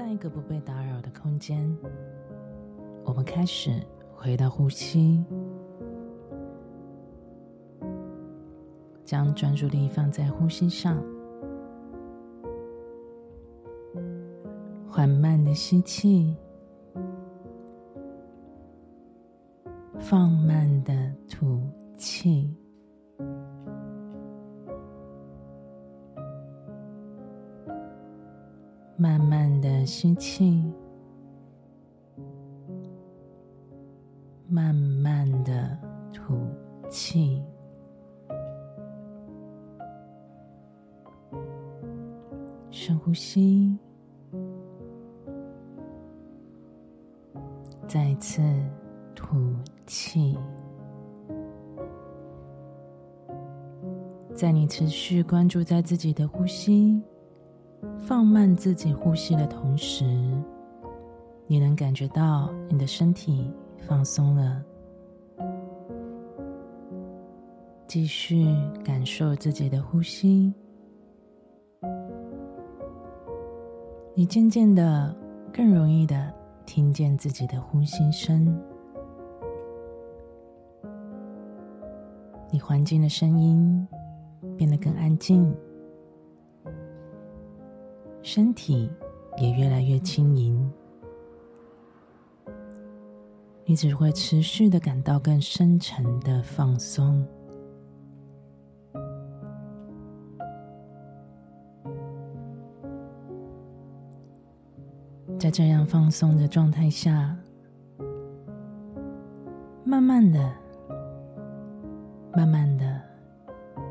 在一個不被打擾的空間，我們開始回到呼吸，將專注力放在呼吸上，緩慢的吸氣，放慢。慢慢的吐氣，深呼吸，再一次吐氣。在你持續關注在自己的呼吸、放慢自己呼吸的同時，你能感覺到你的身體。放鬆了，繼續感受自己的呼吸。你漸漸的更容易的聽見自己的呼吸聲，你環境的聲音變得更安靜，身體也越來越輕盈。你只會持續的感到更深沉的放鬆，在這樣放鬆的狀態下，慢慢的、慢慢的，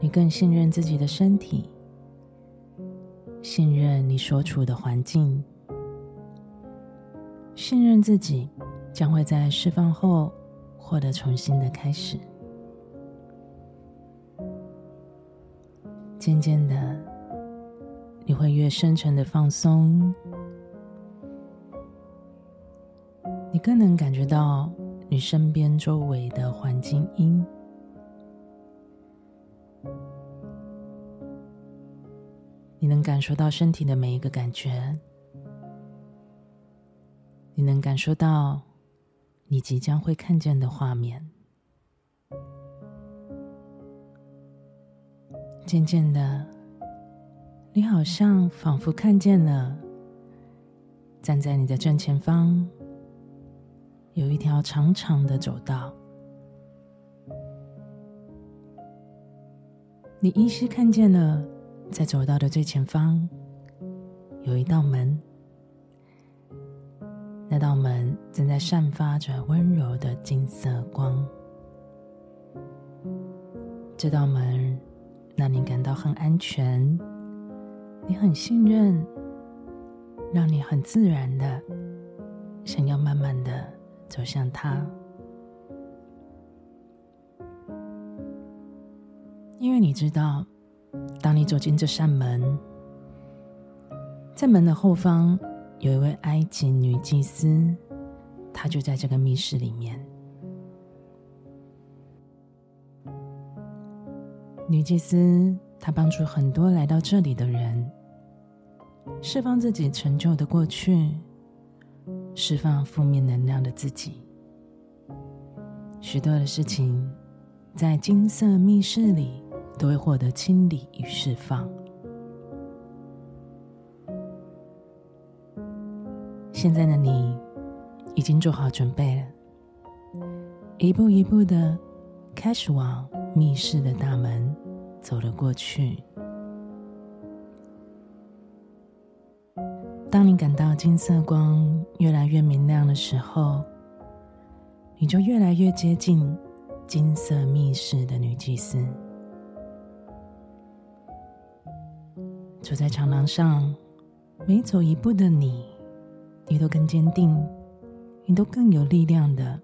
你更信任自己的身體，信任你所處的環境，信任自己。將會在釋放後獲得重新的開始。漸漸的，你會越深沉的放鬆，你更能感覺到你身邊周圍的環境音，你能感受到身體的每一個感覺，你能感受到。你即將會看見的畫面。漸漸的，你好像仿佛看見了，站在你的正前方，有一條長長的走道。你依稀看見了，在走道的最前方，有一道門。那道門正在散發着溫柔的金色光，這道門讓你感到很安全，你很信任，讓你很自然的想要慢慢的走向它，因為你知道，當你走進這扇門，在門的後方。有一位埃及女祭司，她就在這個密室裡面。女祭司，她幫助很多來到這裡的人，釋放自己陳舊的過去，釋放負面能量的自己。許多的事情在金色密室裡都會獲得清理與釋放。現在的你已經做好準備了，一步一步的開始往密室的大門走了過去。當你感到金色光越來越明亮的時候，你就越來越接近金色密室的女祭司。走在長廊上，每走一步的你。你都更堅定，你都更有力量地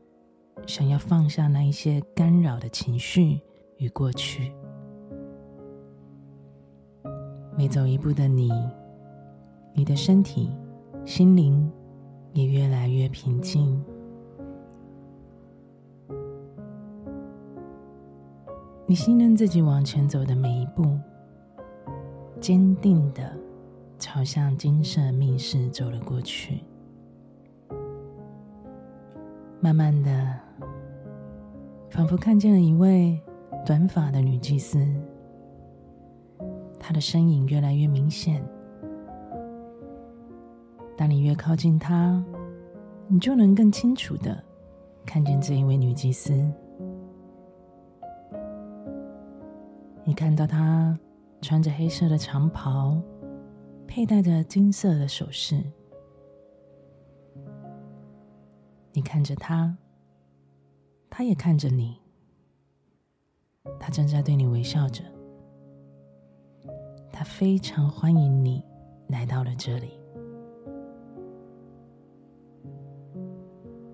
想要放下那一些干擾的情緒與過去。每走一步的你，你的身體、心靈也越來越平靜。你信任自己往前走的每一步，堅定的朝向金色密室走了過去。慢慢的，仿佛看見了一位短髮的女祭司，她的身影越來越明顯。當你越靠近她，你就能更清楚的看見這一位女祭司。你看到她穿着黑色的長袍，佩戴着金色的首飾。你看着他，他也看着你。他正在對你微笑着，他非常歡迎你來到了這裡。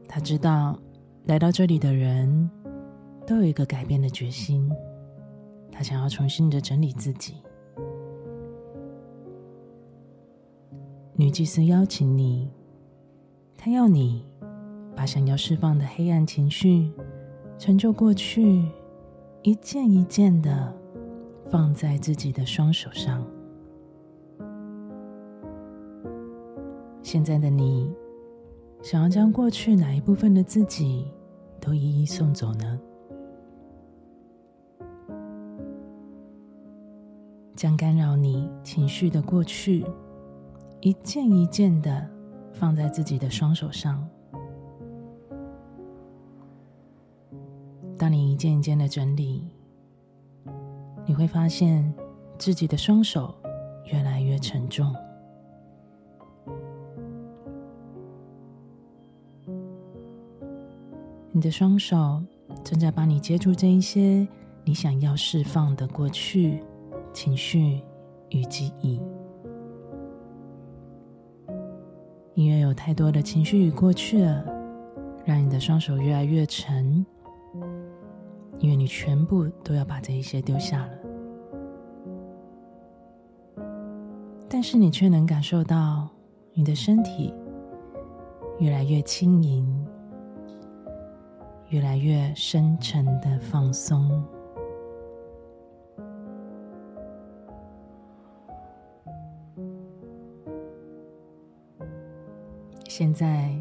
他知道來到這裡的人都有一個改變的決心，他想要重新的整理自己。女祭司邀請你，他要你，把想要釋放的黑暗情緒，陳舊過去，一件一件的放在自己的雙手上。現在的你，想要將過去哪一部分的自己都一一送走呢？將干擾你情緒的過去，一件一件的放在自己的雙手上。當你一件一件的整理，你會發現自己的雙手越來越沉重。你的雙手正在幫你接觸這一些你想要釋放的過去、情緒與記憶，因為有太多的情緒與過去了，讓你的雙手越來越沉。因為你全部都要把這一些丟下了，但是你卻能感受到你的身體越來越輕盈，越來越深沉的放鬆。現在，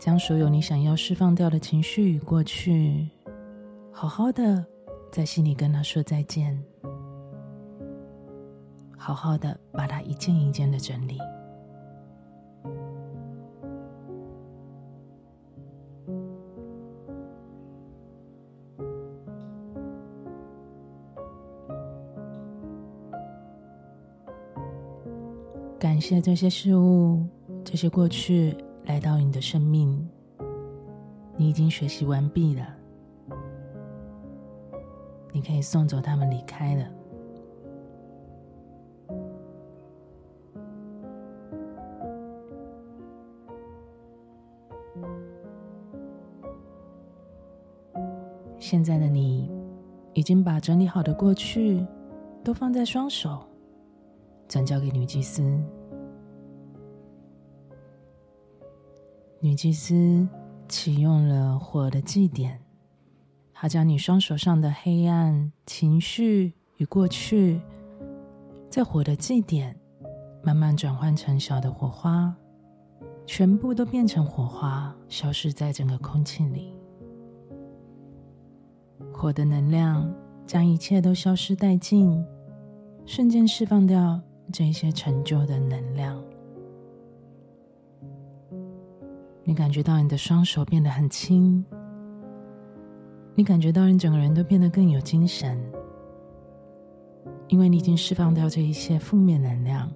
將所有你想要釋放掉的情緒與過去。好好的，在心裡跟他說再見。好好的，把它一件一件的整理，感謝這些事物，這些過去來到你的生命，你已經學習完畢了。你可以送走他們，離開了。現在的你，已經把整理好的過去都放在雙手，轉交給女祭司。女祭司啟用了火的祭典。它將你雙手上的黑暗情緒與過去，在火的祭典慢慢轉換成小的火花，全部都變成火花，消失在整個空氣裡。火的能量將一切都消失殆盡，瞬間釋放掉這一些陳舊的能量。你感覺到你的雙手變得很輕。你感覺到你整個人都變得更有精神，因為你已經釋放掉這一些負面能量，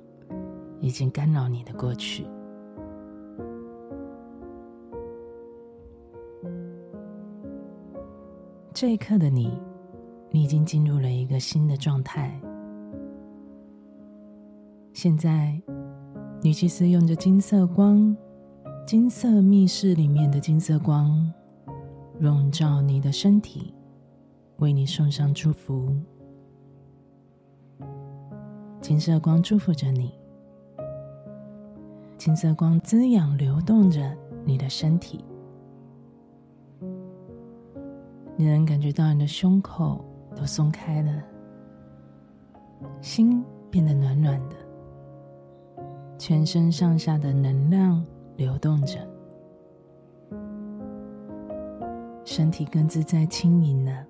已經干擾你的過去。這一刻的你，你已經進入了一個新的狀態。現在，女祭司用着金色光，金色密室裡面的金色光。籠罩你的身體，為你送上祝福。金色光祝福着你，金色光滋養流動着你的身體。你能感覺到你的胸口都鬆開了，心變得暖暖的，全身上下的能量流動着。身體更自在、輕盈了。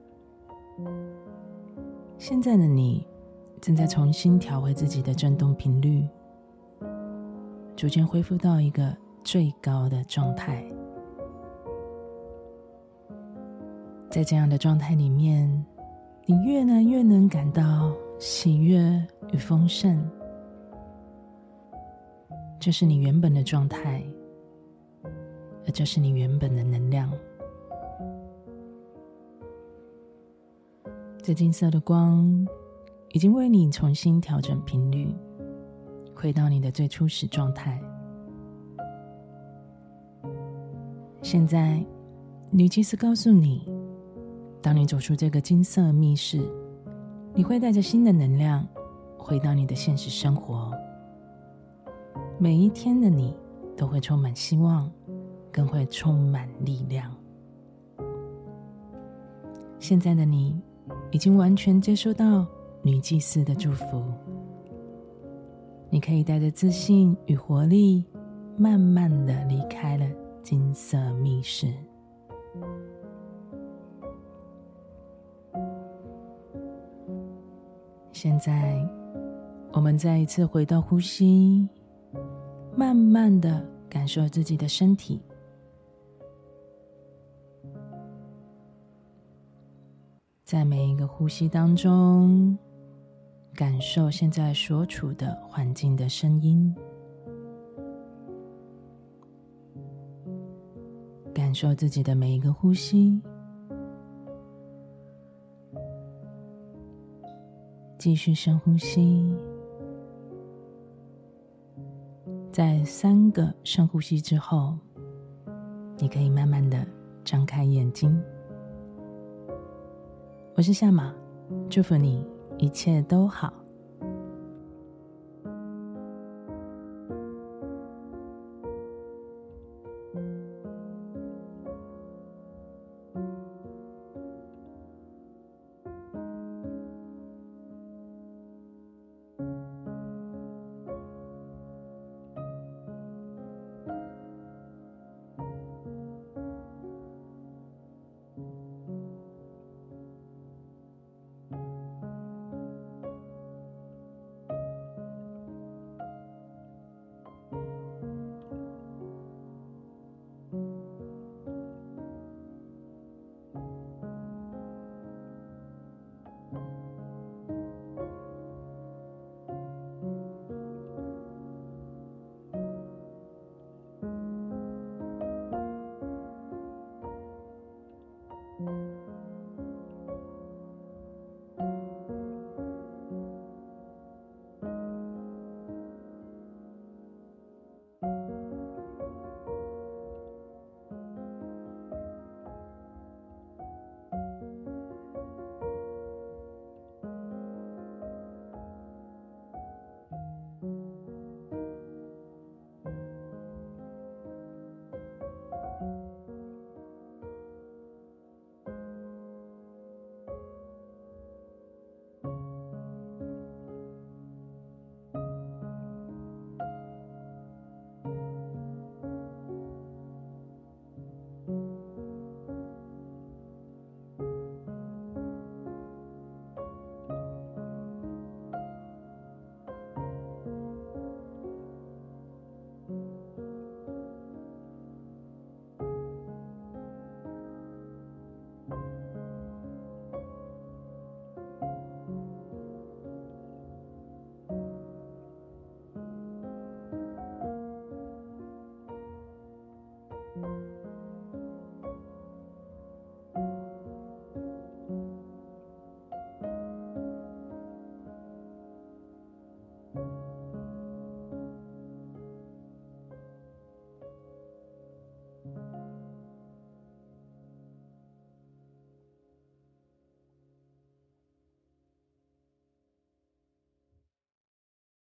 現在的你正在重新調回自己的振動頻率，逐漸恢復到一個最高的狀態。在這樣的狀態裡面，你越來越能感到喜悅與、與豐盛，這是你原本的狀態，而這是你原本的能量。這金色的光已經為你重新調整頻率，回到你的最初始狀態。現在，女祭司告訴你，當你走出這個金色密室，你會帶着新的能量回到你的現實生活。每一天的你都會充滿希望，更會充滿力量。現在的你。已經完全接收到女祭司的祝福，你可以帶着自信與活力，慢慢的離開了金色密室。現在，我們再一次回到呼吸，慢慢的感受自己的身體。在每一個呼吸當中，感受現在所處的環境的聲音，感受自己的每一個呼吸，繼續深呼吸。在三個深呼吸之後，你可以慢慢的張開眼睛。我是夏瑪，祝福你一切都好。